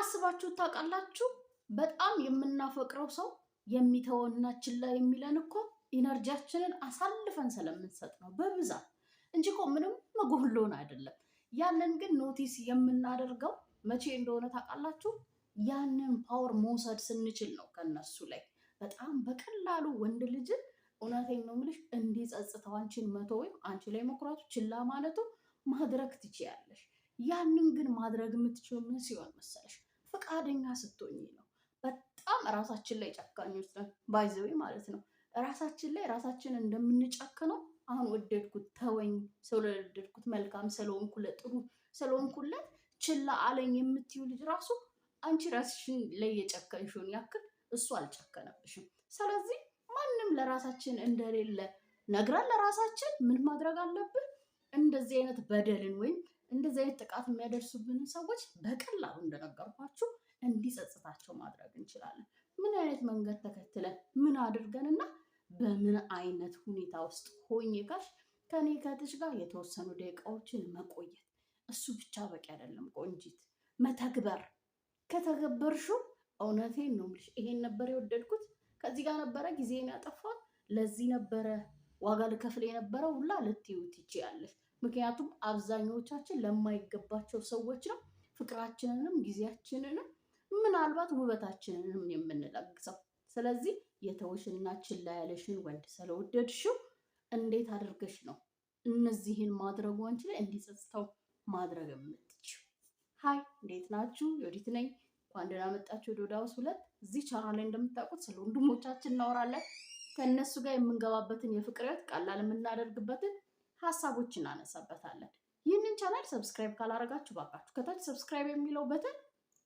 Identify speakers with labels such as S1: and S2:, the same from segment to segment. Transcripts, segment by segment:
S1: አስባችሁ ታውቃላችሁ? በጣም የምናፈቅረው ሰው የሚተወና ችላ የሚለን እኮ ኢነርጂያችንን አሳልፈን ስለምንሰጥ ነው በብዛት እንጂ እኮ ምንም መጎሎን አይደለም። ያንን ግን ኖቲስ የምናደርገው መቼ እንደሆነ ታውቃላችሁ? ያንን ፓወር መውሰድ ስንችል ነው ከነሱ ላይ በጣም በቀላሉ ወንድ ልጅን እውነቴን ነው የምልሽ እንዲጸጽተው አንቺን መቶ ወይም አንቺ ላይ መኩራቱ ችላ ማለቱ ማድረግ ትችያለሽ። ያንን ግን ማድረግ የምትችይው ምን ሲሆን መሰለሽ ፈቃደኛ ስትሆኝ ነው። በጣም ራሳችን ላይ ጨካኞች ነን፣ ባይዘዊ ማለት ነው። ራሳችን ላይ ራሳችን እንደምንጨክነው አሁን ወደድኩት፣ ተወኝ፣ ስለወደድኩት፣ መልካም ስለሆንኩለት፣ ጥሩ ስለሆንኩለት ችላ አለኝ የምትዩ ልጅ ራሱ አንቺ ራስሽን ላይ የጨከንሽውን ያክል እሱ አልጨከነብሽም። ስለዚህ ማንም ለራሳችን እንደሌለ ነግረን ለራሳችን ምን ማድረግ አለብን? እንደዚህ አይነት በደልን ወይም እንደዚህ አይነት ጥቃት የሚያደርሱብንን ሰዎች በቀላሉ እንደነገርኳችሁ አይነት መንገድ ተከትለን ምን አድርገንና በምን አይነት ሁኔታ ውስጥ ሆኜ ከኔ ከትሽ ጋር የተወሰኑ ደቂቃዎችን መቆየት እሱ ብቻ በቂ አይደለም። ቆንጂት መተግበር ከተገበርሽው፣ እውነቴን ነው የምልሽ፣ ይሄን ነበር የወደድኩት፣ ከዚህ ጋር ነበረ ጊዜን ያጠፋ፣ ለዚህ ነበረ ዋጋ ልከፍል የነበረው ሁላ ልትይው ትችያለሽ። ምክንያቱም አብዛኛዎቻችን ለማይገባቸው ሰዎች ነው ፍቅራችንንም ጊዜያችንንም ምናልባት ውበታችንንም የምንለግሰው። ስለዚህ የተውሽና ችላ ያለሽን ወንድ ስለወደድሽው እንዴት አድርገሽ ነው እነዚህን ማድረጉ አንቺ ላይ እንዲጸጽተው ማድረግ የምትችው? ሀይ እንዴት ናችሁ? ዮዲት ነኝ። እንኳን ደህና መጣችሁ ወደ ዮድ ሃውስ ሁለት። እዚህ ቻናል ላይ እንደምታውቁት ስለ ወንድሞቻችን እናወራለን። ከእነሱ ጋር የምንገባበትን የፍቅር ህይወት ቀላል የምናደርግበትን ሀሳቦች እናነሳበታለን። ይህንን ቻናል ሰብስክራይብ ካላረጋችሁ ባካችሁ ከታች ሰብስክራይብ የሚለው በተን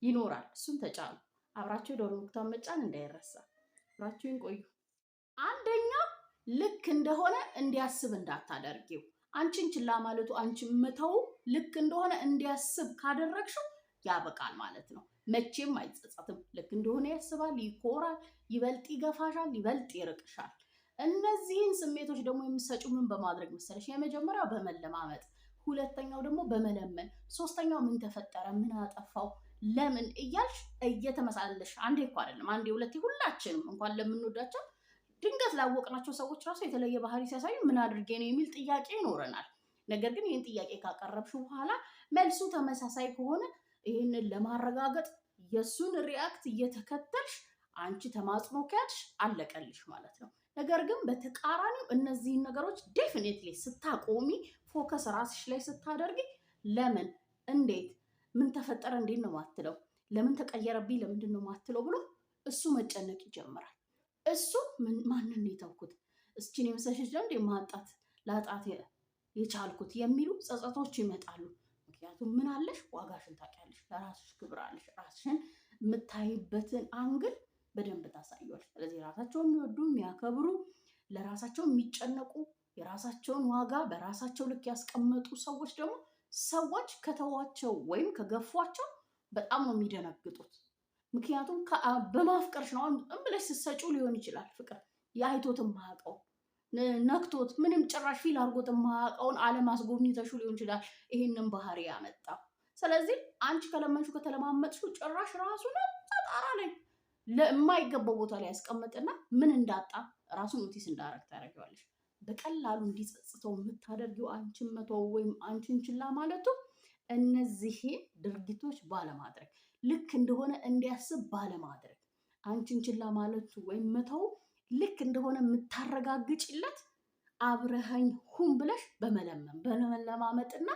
S1: ይኖራል። እሱን ተጫኑ። አብራችሁ የደወል ምልክቷን መጫን እንዳይረሳ። አብራችሁን ቆዩ። አንደኛ ልክ እንደሆነ እንዲያስብ እንዳታደርጊው። አንቺን ችላ ማለቱ አንቺን መተው ልክ እንደሆነ እንዲያስብ ካደረግሽው ያበቃል ማለት ነው። መቼም አይጸጸትም። ልክ እንደሆነ ያስባል፣ ይኮራል፣ ይበልጥ ይገፋሻል፣ ይበልጥ ይርቅሻል። እነዚህን ስሜቶች ደግሞ የምሰጩ ምን በማድረግ መሰለሽ? የመጀመሪያው በመለማመጥ፣ ሁለተኛው ደግሞ በመለመን፣ ሶስተኛው ምን ተፈጠረ፣ ምን አጠፋው ለምን እያልሽ እየተመሳለሽ አንዴ እኮ አይደለም አንዴ ሁለቴ፣ ሁላችንም እንኳን ለምንወዳቸው ድንገት ላወቅናቸው ሰዎች ራሱ የተለየ ባህሪ ሲያሳዩ ምን አድርጌ ነው የሚል ጥያቄ ይኖረናል። ነገር ግን ይህን ጥያቄ ካቀረብሽ በኋላ መልሱ ተመሳሳይ ከሆነ ይህንን ለማረጋገጥ የእሱን ሪያክት እየተከተልሽ አንቺ ተማጽኖ ከያድሽ አለቀልሽ ማለት ነው። ነገር ግን በተቃራኒው እነዚህን ነገሮች ዴፊኔትሊ ስታቆሚ፣ ፎከስ ራስሽ ላይ ስታደርጊ ለምን እንዴት ምን ተፈጠረ እንዴት ነው ማትለው፣ ለምን ተቀየረብኝ፣ ለምንድን ነው ማትለው ብሎ እሱ መጨነቅ ይጀምራል። እሱ ማንን ነው የተውኩት፣ እስችን የመሰለሽ ዘንድ ማጣት ላጣት የቻልኩት የሚሉ ጸጸቶች ይመጣሉ። ምክንያቱም ምን አለሽ፣ ዋጋሽን ታውቂያለሽ፣ ለራስሽ ክብር አለሽ። ራስሽን የምታይበትን አንግል በደንብ ታሳያለሽ። ስለዚህ ራሳቸውን የሚወዱ የሚያከብሩ፣ ለራሳቸው የሚጨነቁ የራሳቸውን ዋጋ በራሳቸው ልክ ያስቀመጡ ሰዎች ደግሞ ሰዎች ከተዋቸው ወይም ከገፏቸው በጣም ነው የሚደነግጡት። ምክንያቱም በማፍቀርሽ ነው ብለሽ ስትሰጪው ሊሆን ይችላል ፍቅር የአይቶት የማያውቀው ነክቶት ምንም ጭራሽ ፊል አድርጎት የማያውቀውን ዓለም አስጎብኝተሹ ሊሆን ይችላል ይህንን ባህሪ ያመጣው። ስለዚህ አንቺ ከለመንሹ ከተለማመጥሹ ጭራሽ ራሱ ነው ተጣራ ላይ ለማይገባው ቦታ ላይ ያስቀምጥና ምን እንዳጣ ራሱን ኖቲስ እንዳረግ ታደርጊዋለሽ። በቀላሉ እንዲጸጽተው የምታደርጊው አንቺን መተው ወይም አንቺን ችላ ማለቱ እነዚህን ድርጊቶች ባለማድረግ ልክ እንደሆነ እንዲያስብ ባለማድረግ አንቺን ችላ ማለቱ ወይም መተው ልክ እንደሆነ የምታረጋግጭለት አብረኸኝ ሁን ብለሽ በመለመን በመለማመጥና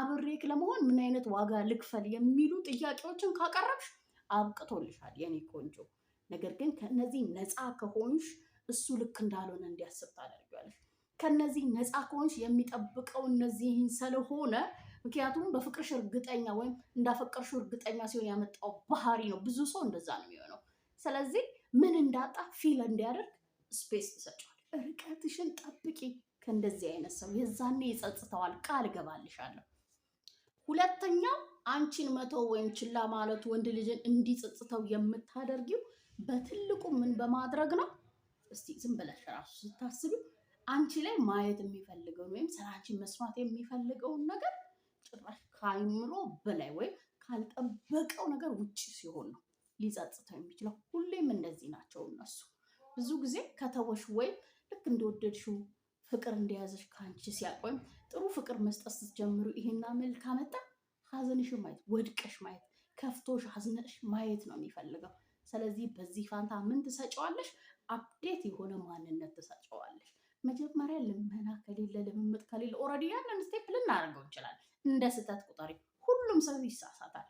S1: አብሬክ ለመሆን ምን አይነት ዋጋ ልክፈል የሚሉ ጥያቄዎችን ካቀረብሽ አብቅቶልሻል የኔ ቆንጆ። ነገር ግን ከእነዚህ ነፃ ከሆንሽ እሱ ልክ እንዳልሆነ እንዲያስብ ታደርጊ ከነዚህ ነፃ ከሆንሽ የሚጠብቀው እነዚህን ስለሆነ ምክንያቱም በፍቅርሽ እርግጠኛ ወይም እንዳፈቀርሽ እርግጠኛ ሲሆን ያመጣው ባህሪ ነው። ብዙ ሰው እንደዛ ነው የሚሆነው። ስለዚህ ምን እንዳጣ ፊል እንዲያደርግ ስፔስ ትሰጫል። ርቀትሽን ጠብቂ ከእንደዚህ አይነት ሰው የዛኔ ይጸጽተዋል። ቃል እገባልሻለሁ። ሁለተኛው አንቺን መቶ ወይም ችላ ማለቱ ወንድ ልጅን እንዲጸጽተው የምታደርጊው በትልቁ ምን በማድረግ ነው? እስቲ ዝም ብለሽ ራሱ ስታስቢ አንቺ ላይ ማየት የሚፈልገውን ወይም ስራችን መስማት የሚፈልገውን ነገር ጭራሽ ከአይምሮ በላይ ወይም ካልጠበቀው ነገር ውጭ ሲሆን ነው ሊጸጽተው የሚችለው። ሁሌም እንደዚህ ናቸው እነሱ። ብዙ ጊዜ ከተወሽ ወይም ልክ እንደወደድሽው ፍቅር እንደያዘሽ ከአንቺ ሲያቅ ወይም ጥሩ ፍቅር መስጠት ስትጀምሩ ይሄና ምል ካመጣ ሀዘንሽ ማየት ወድቀሽ ማየት ከፍቶሽ አዝነሽ ማየት ነው የሚፈልገው። ስለዚህ በዚህ ፋንታ ምን ትሰጨዋለሽ? አፕዴት የሆነ ማንነት ትሰጨዋለሽ። መጀመሪያ ልመና ከሌለ ልምምጥ ከሌለ ኦልሬዲ ያንን ስቴፕ ልናደርገው እንችላለን። እንደ ስህተት ቁጠሪ። ሁሉም ሰው ይሳሳታል።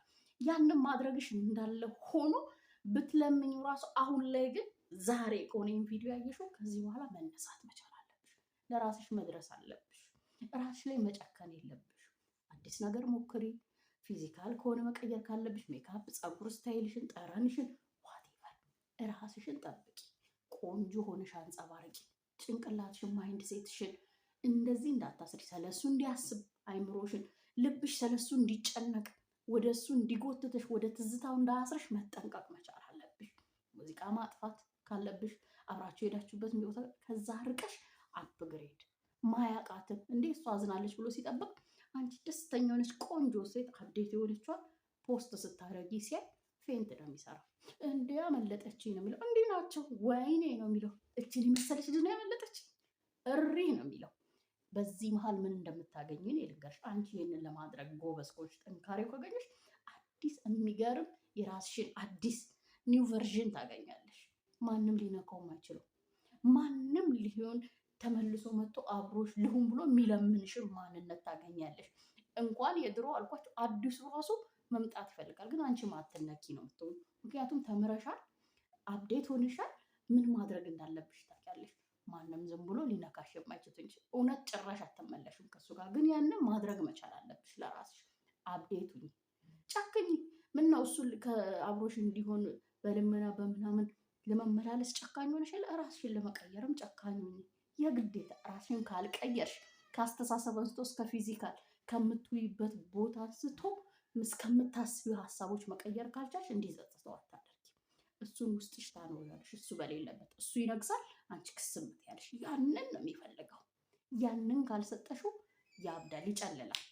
S1: ያንን ማድረግሽ እንዳለ ሆኖ ብትለምኝ ራሱ አሁን ላይ ግን ዛሬ ከሆነ ይህን ቪዲዮ ያየሽው ከዚህ በኋላ መነሳት መቻል አለብሽ። ለራስሽ መድረስ አለብሽ። ራስሽ ላይ መጨከን የለብሽ። አዲስ ነገር ሞክሪ። ፊዚካል ከሆነ መቀየር ካለብሽ ሜካፕ፣ ፀጉር ስታይልሽን፣ ጠረንሽን፣ ዋቴቨር ራስሽን ጠብቂ። ቆንጆ ሆነሽ አንጸባርቂ። ጭንቅላትሽን ማይንድ ሴትሽን እንደዚህ እንዳታስሪ፣ ሰለሱ እንዲያስብ አይምሮሽን፣ ልብሽ ሰለሱ እንዲጨነቅ ወደ እሱ እንዲጎትትሽ ወደ ትዝታው እንዳያስርሽ መጠንቀቅ መቻል አለብሽ። ሙዚቃ ማጥፋት ካለብሽ አብራችሁ የሄዳችሁበት ቦታ ከዛ ርቀሽ አፕግሬድ ማያቃትን እንዴ እሷ አዝናለች ብሎ ሲጠብቅ አንቺ ደስተኛ ሆነች ቆንጆ ሴት አብዴት የሆነችዋል ፖስት ስታደርጊ ሲያይ ፌንት ነው የሚሰራው። እንዲህ አመለጠችኝ ነው የሚለው። እንዲህ ናቸው ወይኔ ነው የሚለው። እችን የመሰለች ልጅ ነው ያመለጠች እሪ ነው የሚለው። በዚህ መሀል ምን እንደምታገኝ እንደምታገኝን የልንገርሽ። አንቺ ይህንን ለማድረግ ጎበዝ ከሆንሽ፣ ጥንካሬው ካገኘሽ አዲስ የሚገርም የራስሽን አዲስ ኒው ቨርዥን ታገኛለሽ። ማንም ሊነካውም አይችለው። ማንም ሊሆን ተመልሶ መጥቶ አብሮሽ ልሁን ብሎ የሚለምንሽን ማንነት ታገኛለሽ። እንኳን የድሮ አልኳቸው አዲሱ ራሱ መምጣት ይፈልጋል። ግን አንቺ ማትነኪ ነው ምትሆኑ። ምክንያቱም ተምረሻል፣ አብዴት ሆንሻል። ምን ማድረግ እንዳለብሽ ታውቂያለሽ። ማንም ዝም ብሎ ሊነካሽ የማይችል እንጂ እውነት ጭራሽ አትመለሽም ከሱ ጋር። ግን ያንን ማድረግ መቻል አለብሽ ለራስሽ። አብዴቱኝ ጨክኝ። ምነው እሱ ከአብሮሽ እንዲሆን በልመና በምናምን ለመመላለስ ጨካኝ ሆነሻል። ራስሽን ለመቀየርም ጨካኝ የግዴታ ራስሽን ካልቀየርሽ ከአስተሳሰብ አንስቶ እስከ ፊዚካል ከምትውይበት ቦታ አንስቶ እስከምታስቢው ሀሳቦች መቀየር ካልቻልሽ እንዲህ ጸጽተዋል። እሱን ውስጥሽ ታኖሪያለሽ። እሱ በሌለበት እሱ ይነግሳል፣ አንቺ ክስምት ያለሽ። ያንን ነው የሚፈልገው። ያንን ካልሰጠሽው ያብዳል፣ ይጨልላል።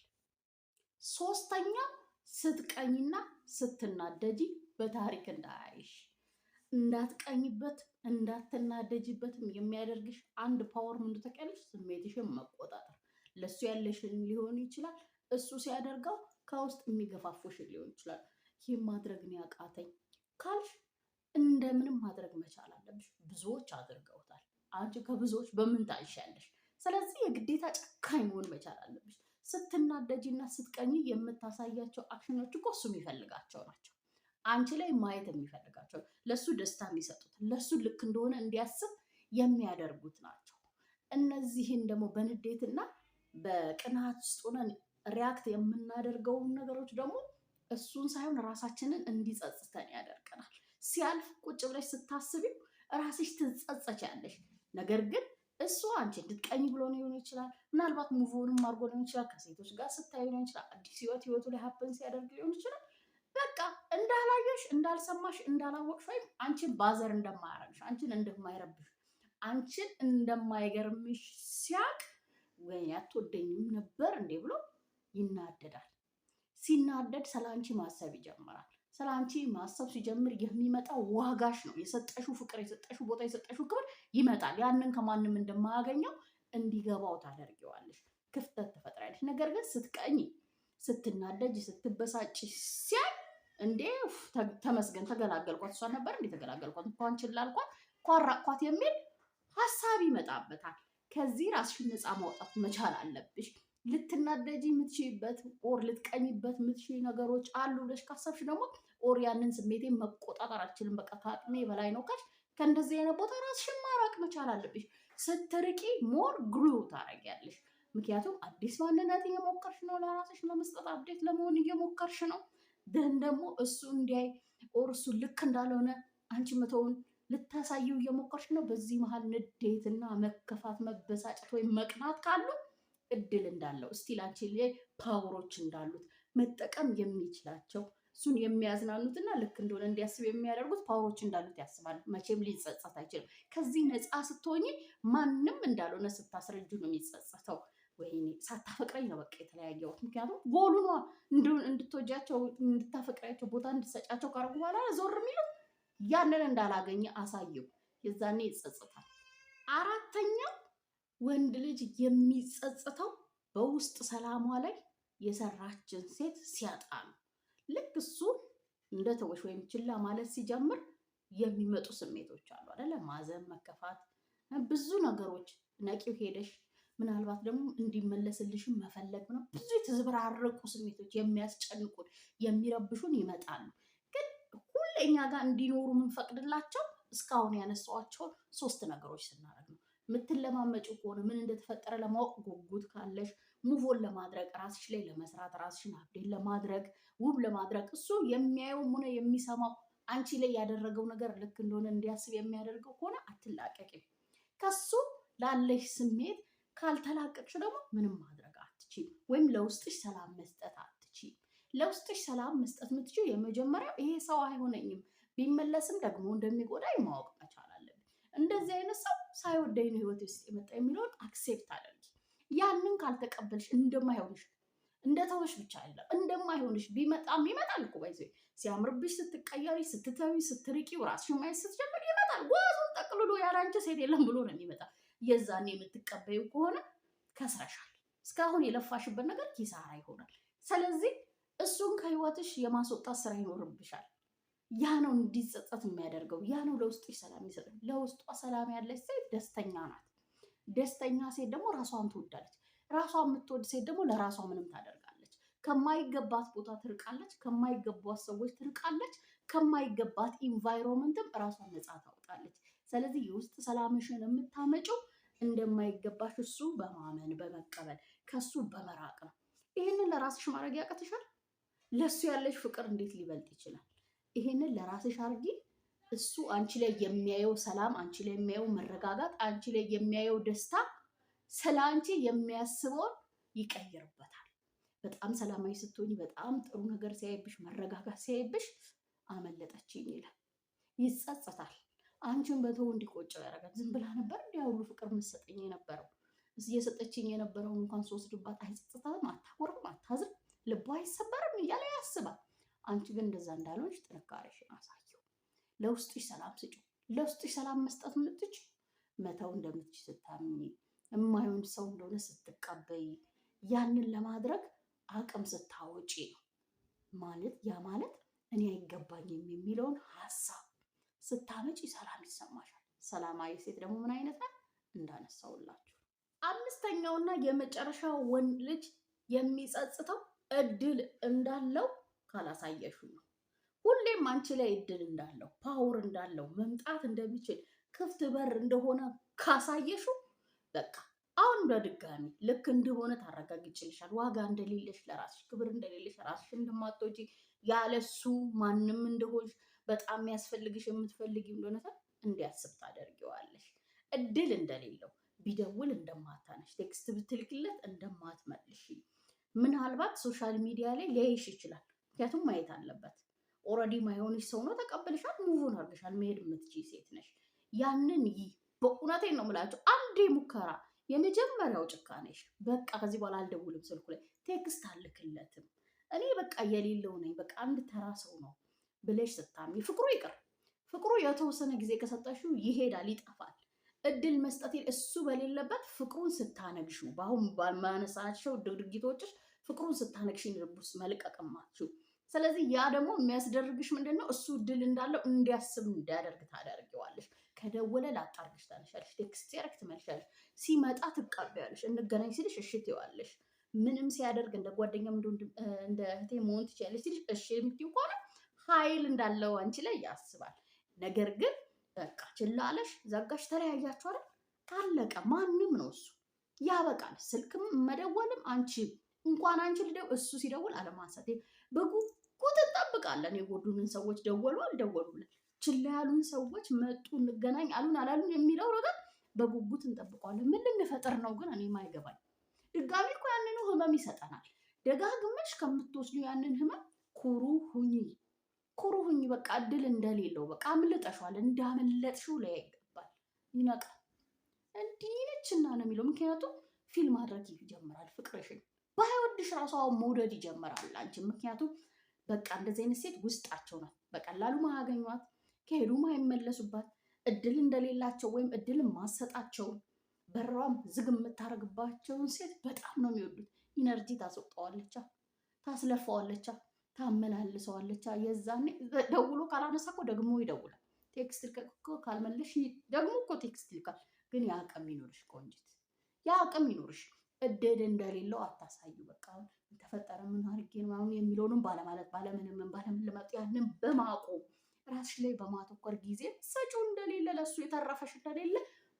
S1: ሶስተኛ ስትቀኝና ስትናደጂ በታሪክ እንዳያይሽ እንዳትቀኝበት እንዳትናደጂበትም የሚያደርግሽ አንድ ፓወር ምን ተቀልሽ፣ ስሜትሽን መቆጣጠር ለእሱ ያለሽን ሊሆን ይችላል። እሱ ሲያደርገው ከውስጥ የሚገፋፉሽን ሊሆን ይችላል። ይህም ማድረግ ነው ያቃተኝ ካልሽ እንደምንም ማድረግ መቻል አለብሽ። ብዙዎች አድርገውታል። አንቺ ከብዙዎች በምን ታይሻለሽ? ስለዚህ የግዴታ ጨካኝ መሆን መቻል አለብሽ። ስትናደጂ እና ስትቀኝ የምታሳያቸው አክሽኖች እኮ እሱ የሚፈልጋቸው ናቸው። አንቺ ላይ ማየት የሚፈልጋቸው ለእሱ ደስታ የሚሰጡት ለእሱ ልክ እንደሆነ እንዲያስብ የሚያደርጉት ናቸው። እነዚህን ደግሞ በንዴትና በቅናት ውስጥ ሆነን ሪያክት የምናደርገውን ነገሮች ደግሞ እሱን ሳይሆን ራሳችንን እንዲጸጽተን ያደርገናል። ሲያልፍ ቁጭ ብለሽ ስታስቢው ራስሽ ትጸጸቻለሽ። ነገር ግን እሱ አንቺ እንድትቀኝ ብሎ ሊሆን ይችላል። ምናልባት ሙቪውንም አድርጎ ሊሆን ይችላል። ከሴቶች ጋር ስታይ ሊሆን ይችላል። አዲስ ህይወት ህይወቱ ላይ ሀፕን ሲያደርግ ሊሆን ይችላል። በቃ እንዳላየሽ፣ እንዳልሰማሽ፣ እንዳላወቅሽ ወይም አንቺን ባዘር እንደማያረግሽ፣ አንቺን እንደማይረብሽ፣ አንቺን እንደማይገርምሽ ሲያቅ ወይ አትወደኝም ነበር እንዴ ብሎ ይናደዳል። ሲናደድ ስለ አንቺ ማሰብ ይጀምራል። ስለ አንቺ ማሰብ ሲጀምር የሚመጣው ዋጋሽ ነው። የሰጠሽው ፍቅር፣ የሰጠሽው ቦታ፣ የሰጠሽው ክብር ይመጣል። ያንን ከማንም እንደማያገኘው እንዲገባው ታደርጊዋለሽ፣ ክፍተት ትፈጥራለሽ። ነገር ግን ስትቀኝ፣ ስትናደጅ፣ ስትበሳጭ ሲያል እንዴ ተመስገን ተገላገልኳት፣ እሷን ነበር እንዴ ተገላገልኳት፣ እንኳን ችላ ኳራቅኳት የሚል ሀሳብ ይመጣበታል። ከዚህ ራስሽን ነፃ ማውጣት መቻል አለብሽ። ልትናደጂ የምትሽይበት ኦር ልትቀኝበት የምትሽይ ነገሮች አሉ ብለሽ ካሰብሽ ደግሞ ኦር ያንን ስሜቴን መቆጣጠር አልችልም፣ በቃ ከአቅሜ በላይ ነው ካልሽ ከእንደዚህ አይነት ቦታ ራስሽን ማራቅ መቻል አለብሽ። ስትርቂ ሞር ግሩ ታደርጊያለሽ። ምክንያቱም አዲስ ማንነት እየሞከርሽ ነው፣ ለራስሽ ለመስጠት አብዴት ለመሆን እየሞከርሽ ነው። ደን ደግሞ እሱ እንዲያይ ኦር እሱ ልክ እንዳልሆነ አንቺ መተውን ልታሳየው እየሞከርሽ ነው። በዚህ መሀል ንዴትና መከፋት፣ መበሳጨት ወይም መቅናት ካሉ እድል እንዳለው እስቲ ላንቺ ላይ ፓወሮች እንዳሉት መጠቀም የሚችላቸው እሱን የሚያዝናኑትና ልክ እንደሆነ እንዲያስብ የሚያደርጉት ፓወሮች እንዳሉት ያስባል። መቼም ሊጸጸት አይችልም። ከዚህ ነፃ ስትሆኝ ማንም እንዳልሆነ ስታስረጁ ነው የሚጸጸተው። ወይኔ ሳታፈቅረኝ ነው በቃ የተለያየሁት። ምክንያቱም ጎሉ እንድትወጃቸው እንድታፈቅሪያቸው ቦታ እንድትሰጫቸው ካረጉ በኋላ ዞር የሚለው ያንን እንዳላገኘ አሳየው። የዛኔ ይጸጸታል። አራተኛው ወንድ ልጅ የሚጸጽተው በውስጥ ሰላሟ ላይ የሰራችን ሴት ሲያጣ ነው። ልክ እሱ እንደተወሽ ወይም ችላ ማለት ሲጀምር የሚመጡ ስሜቶች አሉ አደለ? ማዘን፣ መከፋት፣ ብዙ ነገሮች ነቂው ሄደሽ ምናልባት ደግሞ እንዲመለስልሽን መፈለግ ነው። ብዙ የተዘበራረቁ ስሜቶች የሚያስጨንቁን የሚረብሹን ይመጣሉ። ግን ሁሌ እኛ ጋር እንዲኖሩ የምንፈቅድላቸው እስካሁን ያነሷቸውን ሶስት ነገሮች ስናረ ለማመጭ ከሆነ ምን እንደተፈጠረ ለማወቅ ጉጉት ካለሽ ሙቮን ለማድረግ ራስሽ ላይ ለመስራት ራስሽን አብዴን ለማድረግ ውብ ለማድረግ እሱ የሚያየውም ሆነ የሚሰማው አንቺ ላይ ያደረገው ነገር ልክ እንደሆነ እንዲያስብ የሚያደርገው ከሆነ አትላቀቂም። ከሱ ላለሽ ስሜት ካልተላቀቅሽ ደግሞ ምንም ማድረግ አትችይም፣ ወይም ለውስጥሽ ሰላም መስጠት አትችይም። ለውስጥሽ ሰላም መስጠት የምትችይው የመጀመሪያው ይሄ ሰው አይሆነኝም ቢመለስም ደግሞ እንደሚጎዳኝ ማወቅ እንደዚህ አይነት ሰው ሳይወደኝ ነው ህይወት ውስጥ የመጣ የሚለውን አክሴፕት አድርጊ። ያንን ካልተቀበልሽ እንደማይሆንሽ እንደተወሽ ብቻ አይደለም እንደማይሆንሽ ቢመጣም ይመጣል እኮ ባይዘ ሲያምርብሽ፣ ስትቀየሪ፣ ስትተዊ፣ ስትርቂው፣ ራስሽ ማየት ስትጀምር ይመጣል። ጓዙን ጠቅልሎ ያላንቺ ሴት የለም ብሎ ነው የሚመጣ። የዛኔ የምትቀበዩ ከሆነ ከስረሻል። እስካሁን የለፋሽበት ነገር ኪሳራ ይሆናል። ስለዚህ እሱን ከህይወትሽ የማስወጣት ስራ ይኖርብሻል። ያ ነው እንዲጸጸት የሚያደርገው። ያ ነው ለውስጡ ሰላም ይሰጥ። ለውስጧ ሰላም ያለች ሴት ደስተኛ ናት። ደስተኛ ሴት ደግሞ ራሷን ትወዳለች። ራሷ የምትወድ ሴት ደግሞ ለራሷ ምንም ታደርጋለች። ከማይገባት ቦታ ትርቃለች። ከማይገባት ሰዎች ትርቃለች። ከማይገባት ኢንቫይሮንመንትም ራሷን ነጻ ታውጣለች። ስለዚህ የውስጥ ሰላምሽን የምታመጪው እንደማይገባሽ እሱ በማመን በመቀበል ከሱ በመራቅ ነው። ይህንን ለራስሽ ማድረግ ያቅትሻል። ለእሱ ያለሽ ፍቅር እንዴት ሊበልጥ ይችላል? ይሄንን ለራስሽ አርጊ። እሱ አንቺ ላይ የሚያየው ሰላም፣ አንቺ ላይ የሚያየው መረጋጋት፣ አንቺ ላይ የሚያየው ደስታ ስለ አንቺ የሚያስበውን ይቀይርበታል። በጣም ሰላማዊ ስትሆኝ፣ በጣም ጥሩ ነገር ሲያይብሽ፣ መረጋጋት ሲያይብሽ አመለጠችኝ ይላል። ይጸጸታል። አንቺን በተው እንዲቆጨው ያደርጋል። ዝም ብላ ነበር እንዲያ ሁሉ ፍቅር ምሰጠኝ የነበረው እየሰጠችኝ የነበረውን እንኳን ሶስድባት አይጸጽታትም፣ አታኮርም፣ አታዝም፣ ልቧ አይሰበርም እያለ ያስባል። አንቺ ግን እንደዛ እንዳልሆንሽ ጥንካሬሽን አሳየው። ለውስጥሽ ሰላም ስጪው። ለውስጥሽ ሰላም መስጠት ምትች መተው እንደምትች ስታምኚ፣ የማይሆን ሰው እንደሆነ ስትቀበይ፣ ያንን ለማድረግ አቅም ስታወጪ ነው ማለት ያ ማለት እኔ አይገባኝም የሚለውን ሀሳብ ስታመጪ ሰላም ይሰማሻል። ሰላማዊ ሴት ደግሞ ምን አይነት ናት? እንዳነሳውላችሁ አምስተኛውና የመጨረሻው ወንድ ልጅ የሚጸጽተው እድል እንዳለው ካላሳየሹ ነው። ሁሌም አንቺ ላይ እድል እንዳለው ፓወር እንዳለው መምጣት እንደሚችል ክፍት በር እንደሆነ ካሳየሹ በቃ አሁን በድጋሚ ልክ እንደሆነ ታረጋግጭልሻል። ዋጋ እንደሌለሽ ለራስሽ ክብር እንደሌለሽ ራስሽ እንደማትወጪ ያለሱ ማንም እንደሆንሽ በጣም የሚያስፈልግሽ የምትፈልጊ እንደሆነ እንዲያስብ ታደርጊዋለሽ። እድል እንደሌለው ቢደውል እንደማታነሽ ቴክስት ብትልክለት እንደማትመልሽ ምናልባት ሶሻል ሚዲያ ላይ ሊያይሽ ይችላል። ምክንያቱም ማየት አለበት። ኦልሬዲ ማይሆንሽ ሰው ነው ተቀበልሻል፣ ሙቭን አድርገሻል፣ መሄድ የምትችይ ሴት ነሽ። ያንን ይህ በእውነቴን ነው የምላቸው። አንዴ ሙከራ የመጀመሪያው ጭካኔሽ በቃ ከዚህ በኋላ አልደውልም፣ ስልኩ ላይ ቴክስት አልክለትም፣ እኔ በቃ የሌለው ነኝ፣ በቃ አንድ ተራ ሰው ነው ብለሽ ስታሚ ፍቅሩ ይቅር ፍቅሩ የተወሰነ ጊዜ ከሰጠሽው ይሄዳል፣ ይጠፋል። እድል መስጠት እሱ በሌለበት ፍቅሩን ስታነግሹ በአሁን ባነሳቸው ድርጊቶችሽ ፍቅሩን ስታነግሽ ልቡስ መልቀቅማችሁ ስለዚህ ያ ደግሞ የሚያስደርግሽ ምንድን ነው? እሱ እድል እንዳለው እንዲያስብ እንዲያደርግ ታደርጊዋለሽ። ከደወለ ላጣርግሽ ታነሻለሽ፣ ቴክስት ሲያደርግ ትመልሻለሽ፣ ሲመጣ ትቀበያለሽ፣ እንገናኝ ሲልሽ እሺ ትይዋለሽ። ምንም ሲያደርግ እንደ ጓደኛም እንደ እህቴ መሆን ትችያለሽ ሲልሽ እሺ የምትይው ከሆነ ኃይል እንዳለው አንቺ ላይ ያስባል። ነገር ግን በቃ ችላለሽ፣ ዘጋሽ፣ ተለያያችሁ አይደል? አለቀ። ማንም ነው እሱ ያበቃል። ስልክም መደወልም አንቺ እንኳን አንቺ ልደው እሱ ሲደውል አለማንሳት በጉ ቁጥር የጎዱንን ሰዎች ደወሉ አልደወሉልን፣ ችላ ያሉን ሰዎች መጡ እንገናኝ አሉን አላሉን የሚለው በጉጉት እንጠብቀዋለን። ምን ልንፈጥር ነው ግን እኔም አይገባኝ። ድጋሚ እኮ ያንኑ ህመም ይሰጠናል። ደጋግመሽ ከምትወስዱ ያንን ህመም ኩሩ ሁኚ፣ ኩሩ ሁኚ። በቃ እድል እንደሌለው በቃ አምልጠሽዋል፣ እንዳመለጥሽው ላይ ይገባል። ይነቃል። እንዲህ ነችና ነው የሚለው ምክንያቱም ፊልም ማድረግ ይጀምራል። ፍቅርሽን ባይወድሽ ራሷ መውደድ ይጀምራል አንቺ ምክንያቱም በቃ እንደዚህ አይነት ሴት ውስጣቸው ናት። በቀላሉ ማያገኟት፣ ከሄዱ ማይመለሱባት፣ እድል እንደሌላቸው ወይም እድል ማሰጣቸው በሯም ዝግ የምታደርግባቸውን ሴት በጣም ነው የሚወዱት። ኢነርጂ ታስወጣዋለቻ፣ ታስለፈዋለቻ፣ ታመላልሰዋለቻ። የዛኔ ደውሎ ካላነሳ እኮ ደግሞ ይደውላል። ቴክስት እኮ ካልመለሽ ደግሞ እኮ ቴክስት ይልካል። ግን የአቅም ይኖርሽ ቆንጂት፣ የአቅም ይኖርሽ እደድ እንደሌለው አታሳዩ። በቃ የተፈጠረ ምን አድርጌ አሁን የሚለውንም ባለማለት ባለምንምን ባለምልመጥ ያንን በማቆም ራስሽ ላይ በማተኮር ጊዜ ሰጪው እንደሌለ ለእሱ የተረፈሽ እንደሌለ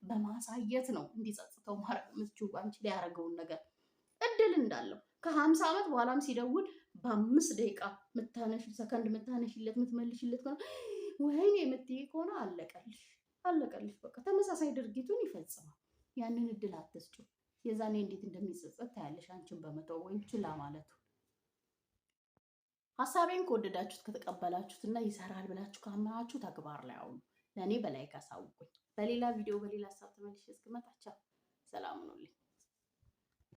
S1: በማሳየት ነው እንዲጸጽተው ማድረግ ምቹ አንቺ ላይ ያደረገውን ነገር እድል እንዳለው ከሀምሳ ዓመት በኋላም ሲደውል በአምስት ደቂቃ ምታነሽ ሰከንድ ምታነሽለት ምትመልሽለት ከሆነ ወይኔ የምትይ ከሆነ አለቀልሽ አለቀልሽ። በቃ ተመሳሳይ ድርጊቱን ይፈጽማል። ያንን እድል አትስጪው። የዛኔ እንዴት እንደሚጸጸት ታያለሽ፣ አንቺን በመተው ወይም ችላ ማለቱ። ሀሳቤን ከወደዳችሁት ከተቀበላችሁት እና ይሰራል ብላችሁ ካመናችሁት ተግባር ላይ አውሉ። ለእኔ በላይ አሳውቁኝ። በሌላ ቪዲዮ በሌላ ሀሳብ ተመልሼ እስክመጣ ሰላም ሁኑልኝ።